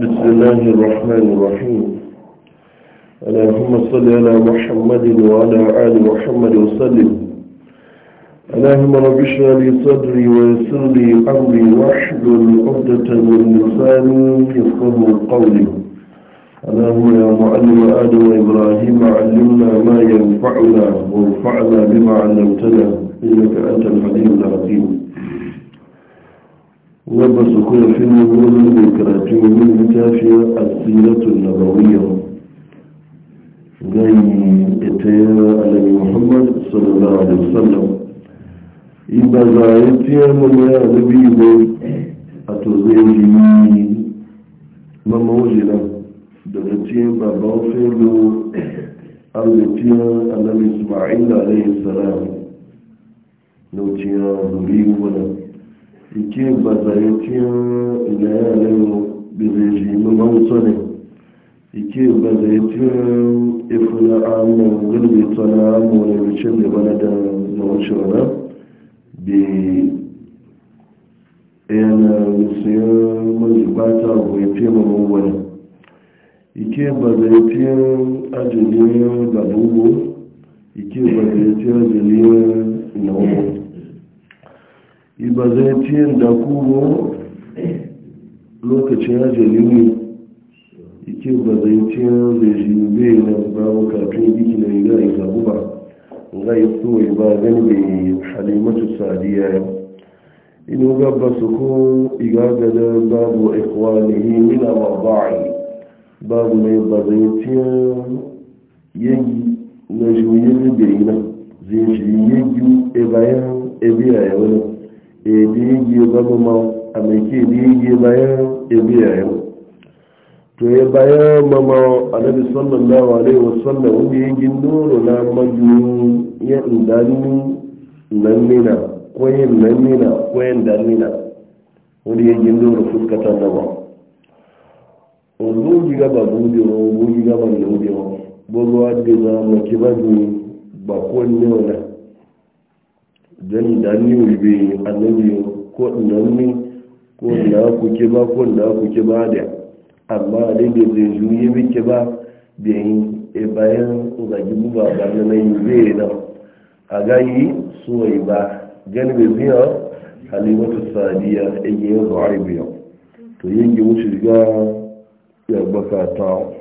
بسم الله الرحمن الرحيم اللهم صل على محمد وعلى آل محمد وسلم اللهم رب اشرح لي صدري ويسر لي امري واحلل عقدة من لساني يفقهوا قولي اللهم يا معلم ادم وابراهيم علمنا ما ينفعنا وانفعنا بما علمتنا انك انت الحليم العظيم وبسكون في النبوذ الكراتين من متافية السيرة النبوية جاي اتيار على محمد صلى الله عليه وسلم إبا زايتيا من يا ربيب أتوزين جميل ما موجلا دغتين بابوفين أرغتين النبي إسماعيل عليه السلام نوتيا ربيب ونبي ike bazayetin ilayanin birejimi mansoni ike bazayetin ifina amin gulbi tana wani bikin da bana da zaunci wani bi yana siyan mazubata goyi e fiye mamman wani ike bazayetin ajiyar gabubu ike bazayetin ajiyar na wani ba zai tiyan da kuma lokacin ajali ne ike ba zai tiyan zai shi bai na babu kafin biki na riga ya zabu ba ga yi tsoye ba gani bai halimatu sadiya yau inu gaba su ko igagada babu ikwanihi mina wa ba'i babu mai ba zai tiyan yayi na shi yi bai na zai shi yayi e bayan e ya wani ebiyi gabama a mai ke biyi bayan ebiyayen to ya bayan mama annabi sallallahu alaihi wasallam wanda ya gindoro na majiyun ya indani nan ko yin nan ko yin dan nina wanda ya gindoro fuskatan nama wanzu giga ba bude wa wanzu giga ba ne bude wa bozo adde za ba ko ne wannan don da ni wulbe annabi ko ni ko ku ke ba ko ku ke ba da amma dai da zai juye miki ba da yin e eh, bayan zagi buba ba na yi zai na a gayi suwai ba gani bai biya halimatu sadiya a eh, yi yin biya to yin gi wuce ga ya bakata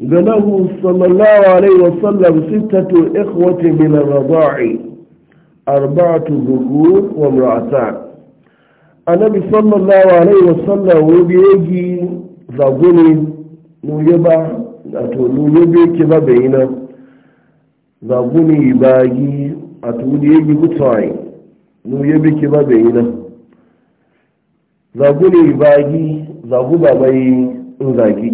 galahu sallallahu alaihi wasallam sittatu ikhwati min ar-rada'i arba'atu dhukur wa imra'atan annabi sallallahu alaihi wasallam wobiyegi zaguni nuyeba ato nuyebe kiba bayina zaguni ibagi ato nuyegi kutai nuyebe kiba bayina zaguni ibagi zaguba bai nzagi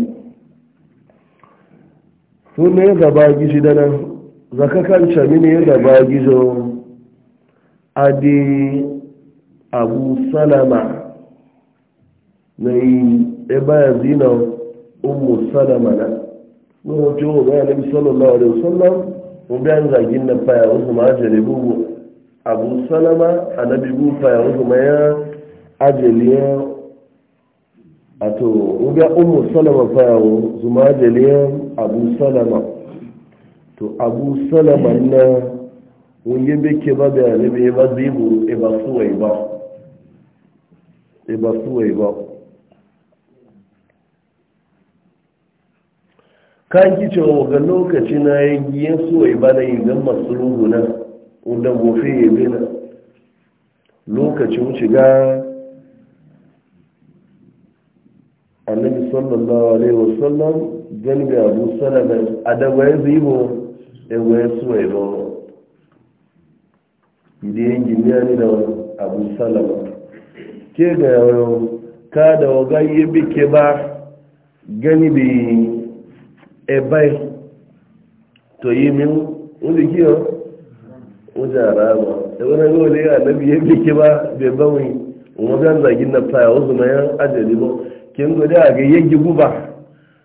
tun ya gaba gizo da nan zaka kan cami ne gaba gizo adi abu salama na yi eba ya zina umu salama na ne wọ́n tí ó wọ́n yà níbi sọ́lọ́lá ọ̀rẹ́ sọ́lọ́ wọ́n bí a na faya wasu ma ajẹ́lẹ̀ gbogbo abu salama anabi gbogbo faya wasu ma ya ajẹ́lẹ̀ Ato àtò wọ́n bí umu salama faya wasu ma ajẹ́lẹ̀ abu salama to abu salama na wunye beke ba da alibi ba zibu e ba suwai ba e ba suwai ba kan kice wa ga lokaci na ya giyan suwai ba na yi gan masu ruguna wanda gofe ya gina mu shiga annabi sallallahu alaihi wasallam gani ga abu salama a dagwaye zibo dagwaye suwai ba idan jiniya ne abu salama ke ga yawon ka da wagan yi bike ba gani bi ebai to min wani kiyo wajen rama da wani gole ya nabi ya bike ba bai bawai wajen zagin na faya wasu mayan ajali ba kin a ga yanki guba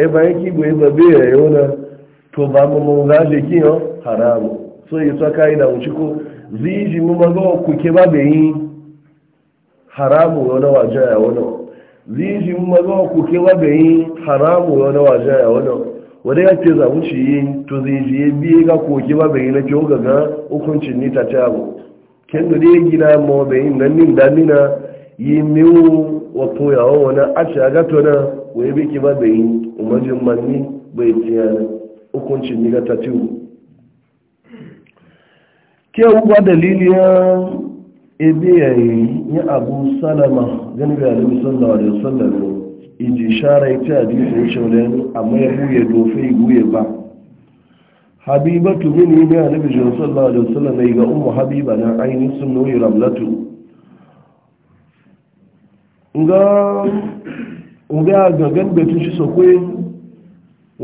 ebe yake igbo eba bera yau na to ba mu za da haramu so yi sa kai da wuce ko ziji mu ma ku haramu yau na waje ya wono ziji mu ma ga ku ke ba bai haramu yau ya wono wanda ya to ziji biye ga ku na ke ga hukuncin ni ta ta bu gina mo bai yi mewu wato yawon wani a shagato na wai biki ba da yi umarjin manni bai tiya hukuncin ni ga tatiwu ke ugwa daliliyar ebe yi ya abu salama gani ga alibi sallawa da sallama iji shara ita a jisun shaulayen amma ya buye dofe guye ba habibatu mini ne alibi sallawa da ga umu habiba na ainihin sun nauyi ramlatu nga nga gangan betun shi sokwe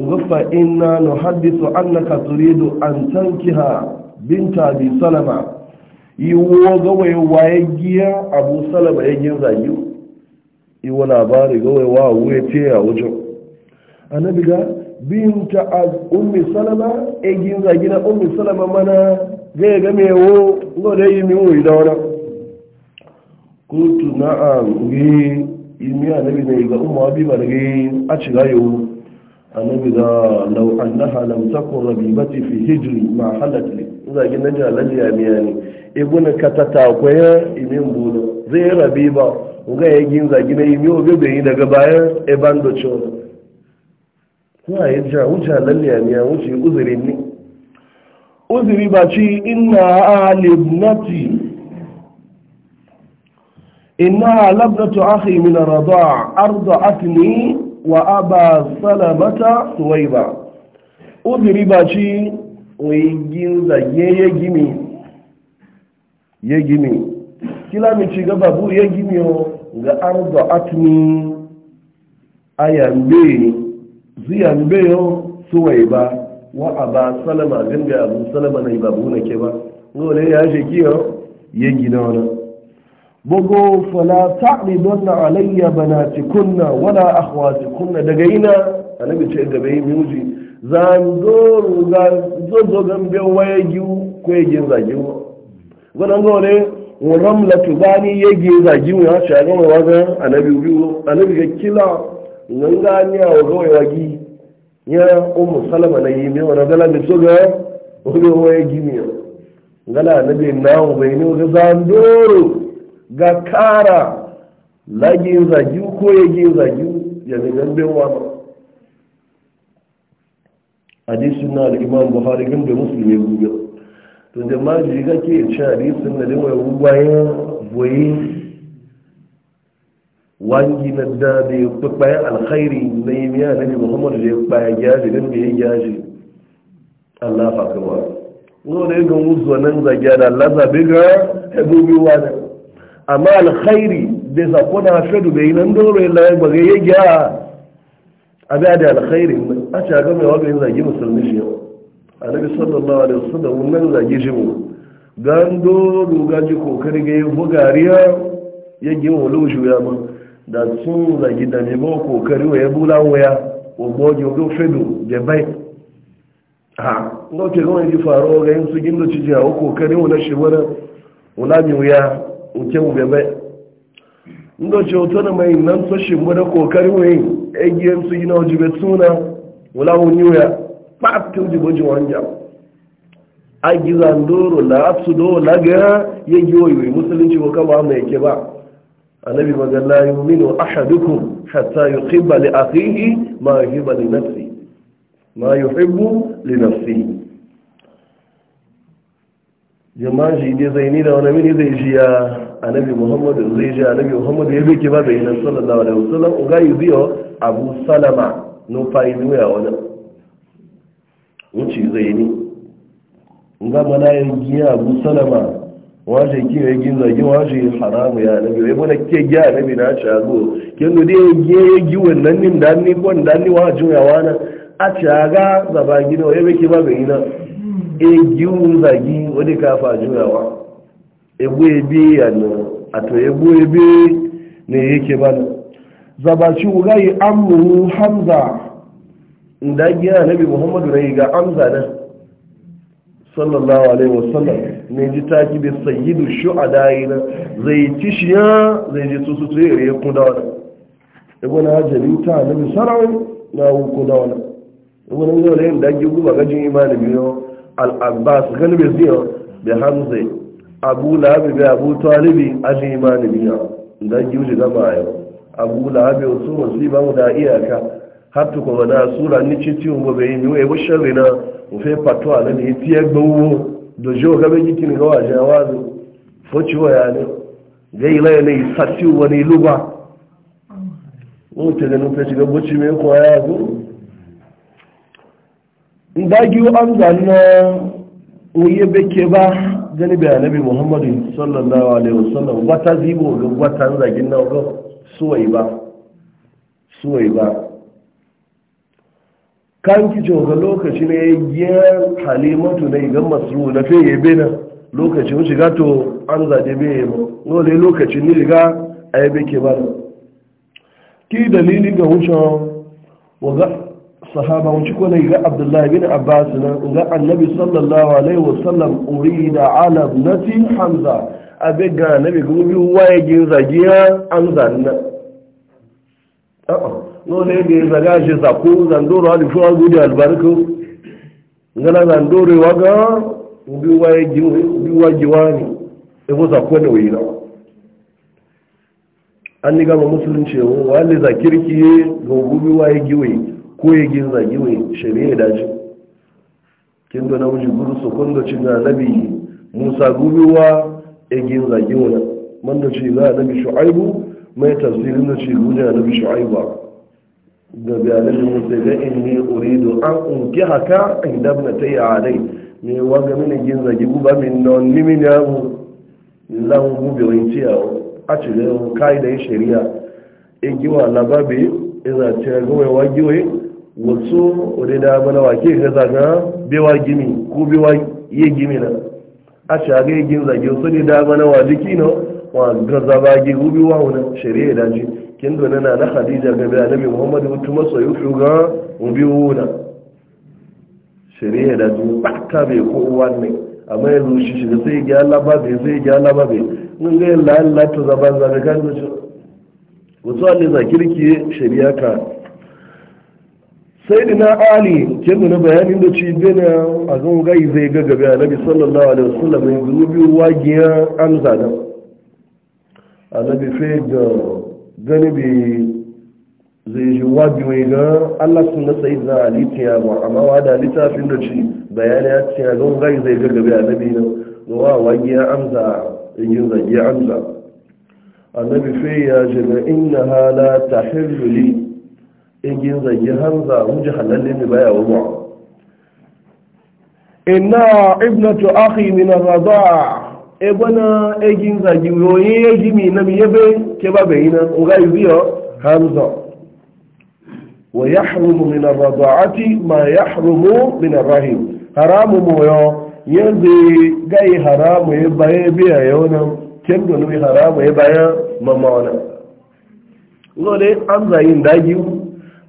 nga fa inna nuhaddithu annaka turidu an tankiha binta bi salama yiwo ga waye waye giya abu salama ya gin zagi yiwo labari ga waye wa wuye te a wajen annabi ga binta az ummi salama e gin zagi na ummi salama mana ga ga mewo ngo da yi mi wuyi na a ge imi annabi ne ga umma habiba da ge a ci gayo annabi da law annaha lam takun rabibati fi hijri ma halat li za ki naji alaji ya miya ne e buna katata koya imin budo zai rabiba ga ya gin za gina imi obe bai yi daga bayan e bando cho kuma ya ja wuce alaji ya miya wuce uzurin ne uzuri ba ci inna alibnati إنها لبنة أخي من الرضاع أرضعتني وأبا سلمة ثويبة أضربتي ويجين زي يجمي يجمي kila mi ci gaba bu ya gimi ga arzo atmi a yambe ziyambe yo suwai ba wa a ba salama ganga abu salama na ibabu na ke ba ngole wani bugu fala na alayya banatikunna wala akhwatikunna daga ina annabi ce gabe yi muji zan zo ga zo zo gan be waye gi ko ye gin zagi wo wannan gore muram la tubani ye gi zagi wo ya shaga wa waga annabi biwo annabi ga kila nan ga ni a waga ya gi ya ummu salama na yi me wannan dala mi so ga waye gi mi ngala annabi a wo be ni ga zan ga kara lagin zagi ko yagin zagi ya zagan bewa ba hadisun da imam buhari gan da musulmi gugu to da ma ji ga ke ci hadisun na da yau bayan boye wangi na da da ya bayan alkhairi na yi miya na bi muhammad da ya bayan gyaji gan da ya gyaji allah fa kama wani da ya nan zagiya da allah zabe ga hebobi wani amma alkhairi da sako na hafedu bai nan dole ya layi ba ya gya a biya da alkhairi a ce ga mai yin zagi musulmi shi yau annabi sallallahu alaihi wasallam wannan zagi shi mu gan doro ji kokari ga yin bugariya ya gi wa lushu ya ma da sun zagi da mai ba kokari wa ya bula waya wa bogi wa fedu da bai ha ko ke ga wani faruwa ga yin su gindo ci jiya wa kokari wa na shi wani wuna mi wuya nke ubebe ndoci otu na mai nan so shi muna kokari wai egiyen su yi na ojibe tuna wula wuni ya pati ojibe ji wanja a giza ndoro la atsu do la ga ya gi oyiwe wai musulunci ko kaba mai ke ba annabi magana yuminu ahadukum hatta yuhibba li akhihi ma yuhibba li nafsi ma yuhibbu li nafsihi jama'a shi zai ni da wani mini zai shi ya annabi muhammadu zai shi annabi muhammadu ya beke ba zai nan sallallahu alaihi wasallam ga yi ziyo abu salama no fai duya wani wuce ni ga mana yin giya abu salama waje ki ya gin zagi waje haramu ya nabi wai mana ke giya nabi na ci ago kin do dai giya ya gi wannan nin dan ni kon dan ni waje ya wani a ci aga zaba gina ya beke ba zai nan egiun zagi wani kafa juyawa egbu ebe yana ato egbu ebe na yake bana zabaci wugayi amuru hamza da gina nabi muhammadu rai ga amza na sallallahu alaihi wasallam ne ji taki bi sayyidu shu'ada yana zai ci ya zai ji su su ya kuda wani ebo na hajjari ta nabi sarawai na kuda wani ebo na zai da guba gajin imani biyu al'abbas galibi ziyar da hamzai abu labi bai abu talibi ajin imani biya don giwuce gama yau abu labi wasu ba mu da iyaka hatu kuma na sura ni cikin mu bai yi wa yawan na mufe fatuwa na nan yi fiye gbogbo da jiwo gaba gikin gawa jawazu fociwa ya ne gaila laye ne sati wani luba mutu da shiga buci mai kwaya zuwa ndagi an zanna oye beke ba gani bai annabi muhammadu sallallahu alaihi wasallam wata zibo ga wata zagin na ga suwai ba suwai ba kan ki ga lokaci ne ya halimatu ne ga masru na fe ya na lokaci wuce ga to an zade be mu wale lokaci ne ga ayi beke ba ki dalili ga wucin wa sahaba wuce ko ne ga abdullahi bin abbas na, ga annabi sallallahu alaihi wasallam urida ala nati hamza abe ga annabi gubi waye gi zagiya an zanna a'a no ne ne zaga shi zako zandoro ali fuwa da albarku ngala zandoro waga gubi waye gi gubi waje wani e ko zako ne na an ni gama musulunci wa wale zakirki ga gubi waye gi ko ya gin zagi mai shari'a dace. kin da namiji guru su kun da cin nabi musa gubewa ya gin zagi wani man da ce za a nabi shu'aibu mai tafsirin da ce gudu da nabi shu'aiba da bayanin musa ga in ne uridu an unki haka in dabna ta yi a dai ne waga mini gin zagi guba min non limin ya mu lan gube wani ce a cire kai da shari'a igiwa lababe ina ce gowa wagiwe wasu wadda da bana wake ga zaga bewa gimi ko bewa iya gimi na a shaga ya gin zage wasu ne da bana wa jiki na wa gaza ba ge gubi wa wani shari'a da ji kin dona na na khadija ga bi annabi muhammad mutu masoyi shuga gubi wuna shari'a da ji ba ta bai ko wannan amma yanzu shi shiga sai ga Allah ba bai sai ga Allah ba bai mun ga Allah Allah to zaban zaga kan wasu Allah za kirki shari'a ka sai da na ali kyan na bayanin da ci bena a zan gai zai ga gabe a nabi sallallahu alaihi wasallam ya zo biyu wagiya amza nan a nabi fai ga gani bi zai ji wabi mai ga allah sun na sai na ali ya ba amma wa da littafin da ci bayani ya a zan gai zai ga gabe a nabi nan zuwa wagiya amza yin zagi amza a nabi fai ya ji na inna hala ta hirri igin zanyi hanza wuji halalle mai baya wa mu'a ina ibnatu akhi min arda e bana egin zanyi yoyi egi mi na mi yebe ke ba bayina uga yubiyo hamza wa yahrumu min ardaati ma yahrumu min arrahim haramu moyo yanzu gai haramu ya baya biya yawon kin da haramu ya baya mamawana lole an zayin dagiyu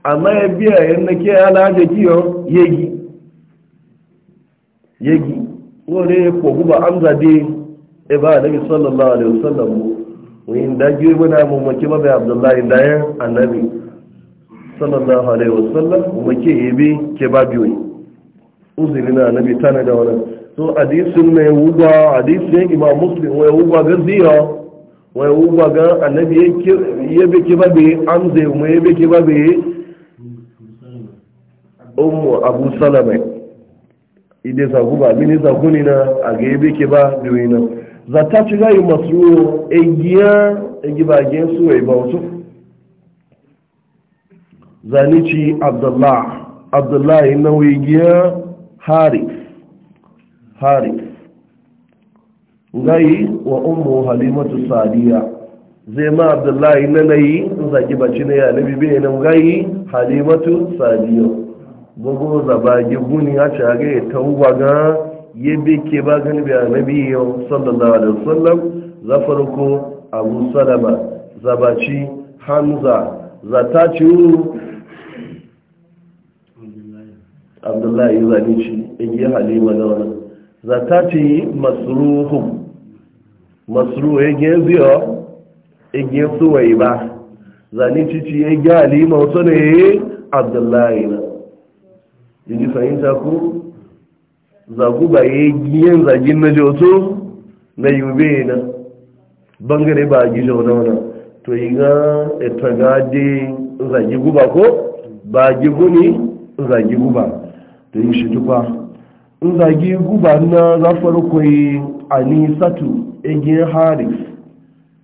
amma ya biya yadda ke alhaji kiyo yegi yegi wani ba an e ba nabi sallallahu alaihi wasallam wani da giyo muna mamaki ba abdullahi dayan annabi sallallahu alaihi wasallam mamaki ya bi ke ba biyoyi uzuri na annabi tana da wani so hadisin na ya wuba hadisin imam muslim wuba ga ziyo wuba ga annabi bi ke mu ya ke umu abu salama ide zagu ba mini zagu ni na a ga ke ba biyu na za ta ci gayu masu egiya egibagen su wai ba wasu zanici abdullah abdullahi na wigiya harif harif gayi wa umu halimatu sadiya zai ma abdullahi na nayi zagi baci na yanabi bai nan gayi halimatu sadiya gogo zaba gibuni a ya ta huwa ga yabe ke ba gani bi annabi sallallahu alaihi wasallam za farko abu salama zabaci hamza wu. abdullahi ci. igi halima da wani zataci masruhum masru ya gezi ya igi suwai ba zanici ci ya halima mautu ne abdullahi na yaji fahimta ku zagu ba ya giyan zagin na joto na yube na bangare ba gijo na wana to yi ga ita ga de zagi guba ko ba gigu ne zagi guba to yi shi tukwa zagi guba na za farko yi anisatu egin haris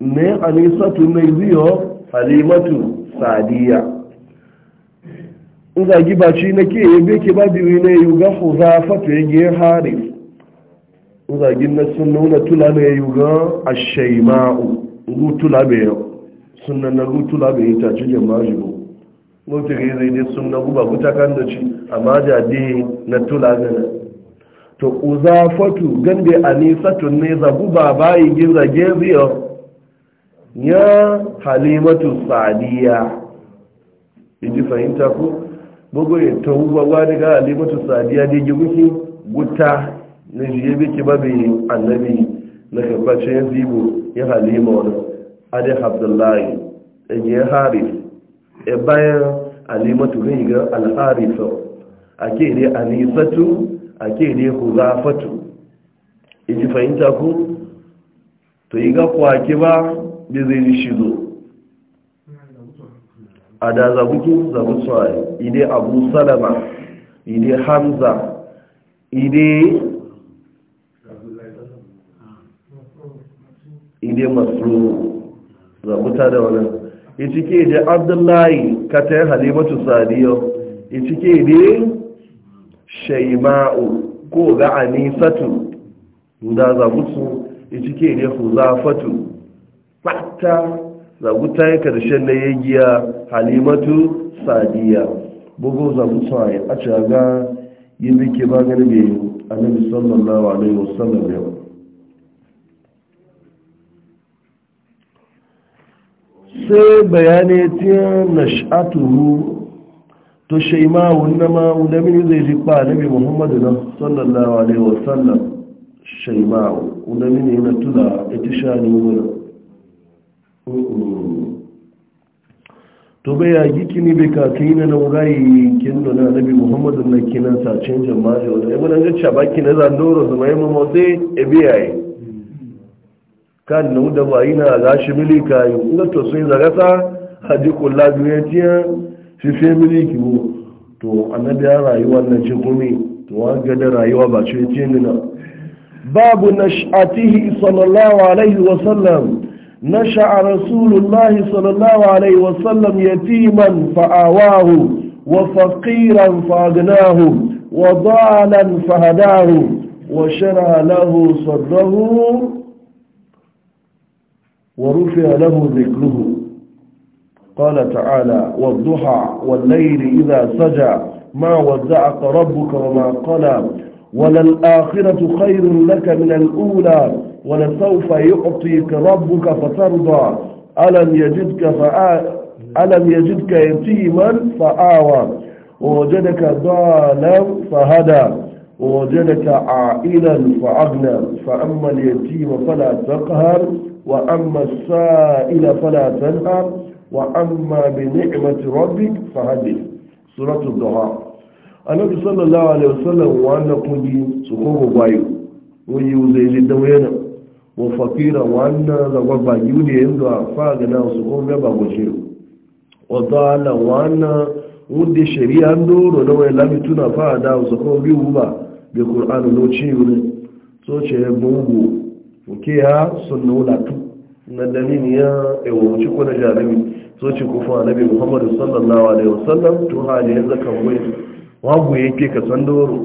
ne anisatu mai ziyo halimatu sadiya nga gibaci na ke yi ke ba biyu ne yi ga fuza fata ya ge hari nga gin na sun nuna tula ne yi ga shaima'u rutula mai yau sun na rutula mai be ta ci jama'a jibo ngu ta ge zai dai sun na guba guta kan da ci amma maja de na tula gana to uzafatu gande anisatu ne za guba bayi ge za ge biyo ya halimatu sadiya idi fahimta ko ba ètò gbogbo adìgá sadiya da adéjì wíkí wuta na jiye bí ba bai annabi na kàkwàce ya zibo ya halima wani adi abdullahi yi harif ẹ bayan alimatu rai ga alharifau a ke ne anisatu a ke ne huzafatu iji fahimta ku to yi ga kwake ba bai zai shi zo a da zabu zabutsuwa ide abu salama ide hamza ide ide masu zabuta da wani iti ke ide abdullahi katayin halimatu sadiyo iti ke ide shaima'u ko ga anisatu da zabutsu iti ke ide huzafatu ɓata zabuta ya karshen na yagiya halimatu sadiya bugu mu tsaye a caga yi bike ba gani mai annabi sallallahu alaihi wasallam yau sai bayanai tiya nash'atuhu to shaima wunna ma wunna mini zai ji ba annabi muhammadu nan sallallahu alaihi wasallam shaima wunna mini yana tuna ita sha ne wunna to bai ya giki kini bai kakai na nan gayi kin nuna nabi muhammadu na kinan sa cin jama'a wani ya wani a baki na zandoro zama yi mamotsi e biyaye kan na da ba na gashi ka yi inda to sun zagasa haji kula biyu ya tiya mili ki mu to annabi ya rayuwa na ci kumi to wa gada rayuwa ba ce tiya nuna babu nash'atihi sallallahu alaihi wasallam نشأ رسول الله صلى الله عليه وسلم يتيما فآواه وفقيرا فأغناه وضالا فهداه وشرع له صدره ورفع له ذكره قال تعالى والضحى والليل إذا سجى ما ودعك ربك وما قلى وللآخرة خير لك من الأولى ولسوف يعطيك ربك فترضى ألم يجدك فآ ألم يجدك يتيما فآوى ووجدك ضالا فهدى ووجدك عائلا فأغنى فأما اليتيم فلا تقهر وأما السائل فلا تنهر وأما بنعمة ربك فهدي سورة الدعاء النبي صلى الله عليه وسلم وأنا قدي سكوب بايو ويوزي جدا وينه wa fakira wannan zagwagwa yuli yanzu a faga na su kun gaba gwace wa dala wannan wudde shari'a doro na wani lami tuna fa da su kun biyu ba da qur'anu na ci yuri so ce bungu ke ha ya sunna wulatu na dalilin ya ewo ci ko na jarabi so ci ku fa nabi muhammadu sallallahu alaihi wasallam to hali yanzu kan wai wagu yake ka san doro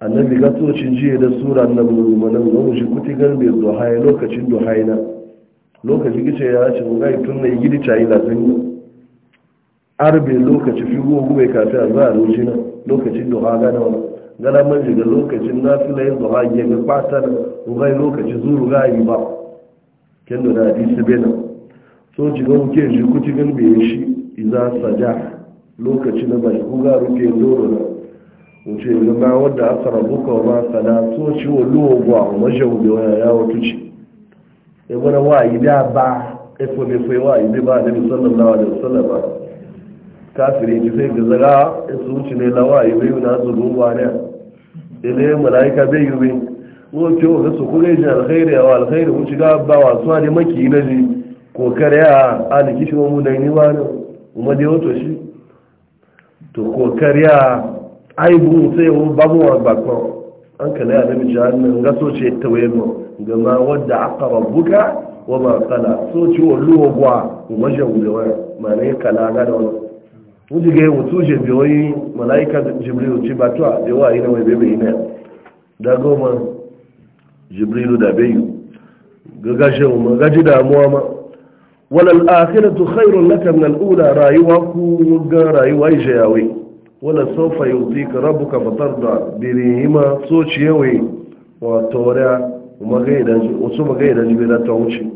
annabi ga tsocin jiya da sura na bulmanin ga shi kuti garbe duhai lokacin duhaina lokacin gice ya ce mun gai tun na gidi cayi da sun arbe lokaci fi gogu bai kafin a zuwa roshi na lokacin duha gana wa gana man shiga lokacin na fi layin duha ya ga kwata na gai lokacin zuru yi ba kendo da hadisi bena ji ga muke shi kuti garbe shi iza saja lokacin na bai kuga rufe doro na mutu yanzu ba wadda aka rabu ka ba sana to ci wa luwa a wajen wuce wani ya wato ci ya gwada wa yi da ba efo mai fai wa yi ba da misalin lawa da misalin ba kafiri ji sai ga zara su wuce ne lawa yi bai na zuru wa ne ile mala'ika bai yi bai wace wa su kuma yi alkhairi a alkhairi wuce ga ba wa suwa ne maki na ji kokare a alikishi wa mu da yi ni ba ne kuma dai wato shi to kokare a mu sai wa ba bakon an kana ya nabi jihannan ga so ce ta wayan mu gama wadda aka rabbuka wa ma kala so ce wa luwa gwa wa wujewa ma ne kala ga da wani ji ga yawon su je biyoyi mala'ika jibril ci ba to da yawa yi na da bebe yi na da goma jibrilu da bayu je mu da mu ma walal akhiratu khairun laka min al-ula rayuwa ku ga rayuwa yi jayawai wala sofa yutika rabbuka fatarda birihima so ciyewe wa tora magaida wasu magaida jibira ta wuce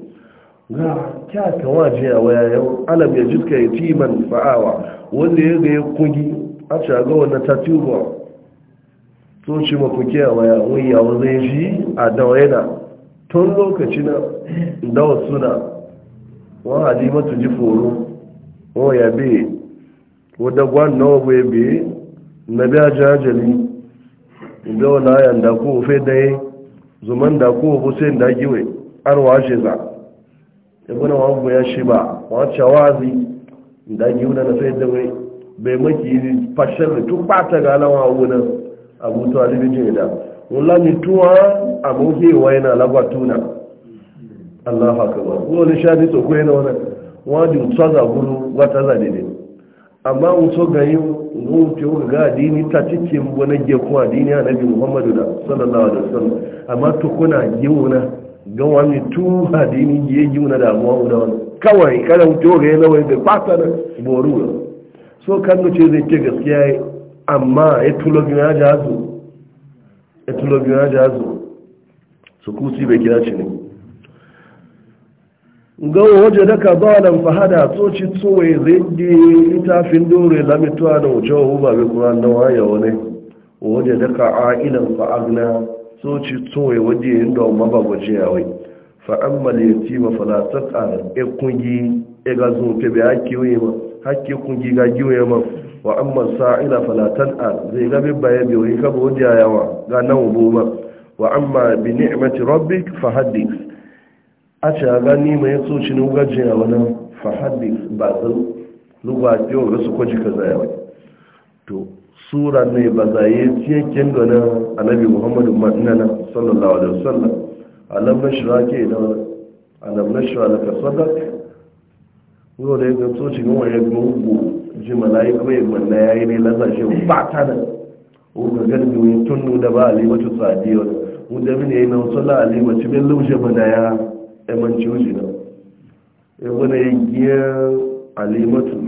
ga kya ka waje a waya yau alam ya jiska yatiman fa'awa wanda ya ga ya kungi a shaga wanda ta tuba so ci mafuke a waya wani ya zai ji a na tun lokaci na dawa suna wa matu ji foro wa yabe wadda gwanna wabu ebe na bi jajali ajali ndị yan da ko fe dai zuman da ko hussein da giwe an washe za ibn wabu ya shi ba wọn wazi da giwe na nafe da wai bai maki fashar tu pata ga lawa wuna abu talib je da wala ni tuwa abu ke waina lagwatuna allah akbar wala shadi to ko Wani wannan wadi tsaza guru wata zadide amma wuto gani wuce wuka ga adini ta cikin wani gekun adini a nabi muhammadu da sallallahu alaihi wasallam amma tukuna yiwuna ga wani tu adini ya yi wuna damuwa wuna wani kawai kada wuce wuka ya nawai bai fata da boru so kan ce zai ke gaskiya amma ya tulo biyu ya jazo ya tulo biyu ya jazo su kusi bai kira ci ne gawo waje da ka zawalan fahada tsoci tsoye zai di littafin dore lamituwa da wuce wa ba bai kuma na waya wani waje da ka ailan fa'agna tsoci tsoye waje yin da ma ba gwaje ya wai fa'an maliyarci ma falatar a kungi e ga zo ke bai haƙƙi wuyi ma haƙƙi kungi ga giwaye ma wa an man sa'ila falatar a zai gabi baya bai yi kaba waje yawa ga nan wubo ma wa an ma bi ni'imati rabbi fahadis a ce a gani mai tsoci na wugajin a wani fahaddi ba zau lugwa yau ga su kwaji ka zaya to sura ne ba zaye cikin gana annabi muhammadu sallallahu alaihi wasallam alam na shira ke da alam na shira da ka sadak yau da ya ga na wani gugu ji malayi kuma ya manna ya yi ne ba ta da ga garbi tunu da ba alimatu mini ya yi na wasu bin lushe ya emanci wujina ebuna ya giya alimatu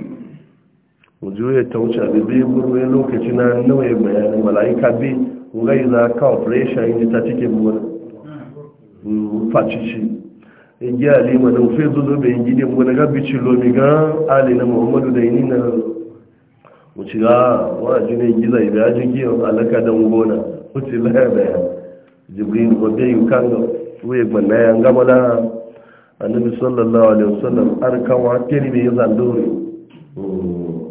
wujo ya tauca da bai guru ya lokaci na nau'in bayanin mala'ika bi ngai za ka operation yi ta cike buwar facici ya giya alima da ufe zuzo bai gidi mu na gabi ci lomi ga ali na muhammadu da yini na wuce ga wajen ya gila ibe ajin giya alaka don gona wuce laya bayan jibril wabe yi kanga tuwe gbanna ya gama da annabi sallallahu alaihi wasallam arkawa kiri ne ya zandore hmm.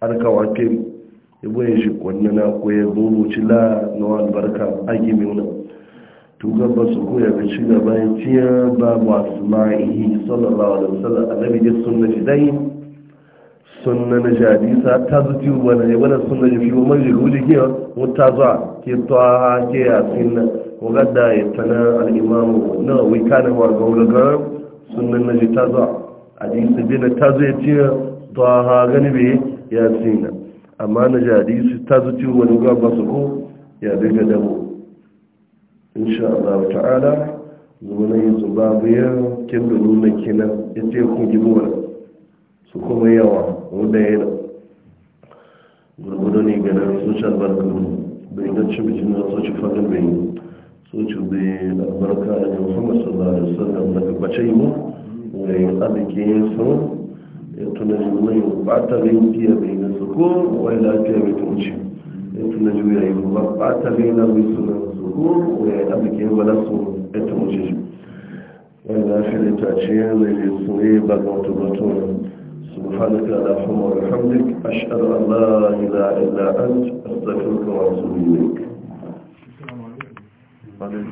arkawa kiri ibo ya shi kwanne na koya bubuci la na wani barka agi miuna tuga ba su koya ga ci gaba ya tiya ba ba su ma'ihi sallallahu alaihi wasallam annabi dai sunna shi dai sunna na jadi sa ta zuci wani ne wani sunna shi fi wa mai jihudi ke mutaza ke tawa ke yasin wadda ya tana al’imamu na wikana wa ga wula garar sunan na ji tazo a jisi bina tazo ya ce ta ha gani bai ya sina amma na ji a jisi tazo ci wani ga su ko ya daga dabo insha Allah ta'ala zuwa na yi zuba biyar kin da nuna kenan ya ce kun gibi wani su kuma yawa wadda ya yi gurgudu ne ganin sun shan barkan bai dace bikin zuwa su ci fagen bai yi soci bai albarka a muhammad sallallahu alaihi wasallam daga bacai mu wai abikin sun ya tuna ji mai bata rinki a bai na suko wai lafiya mai tunci ya tuna ji ya yi ba bata bai na bai suna suko wai abikin wala su ya tunci shi wai lafiya da ta ce zai je sun yi ba ga wata batu سبحانك اللهم وبحمدك أشهد أن لا إله إلا أنت أستغفرك وأتوب إليك father's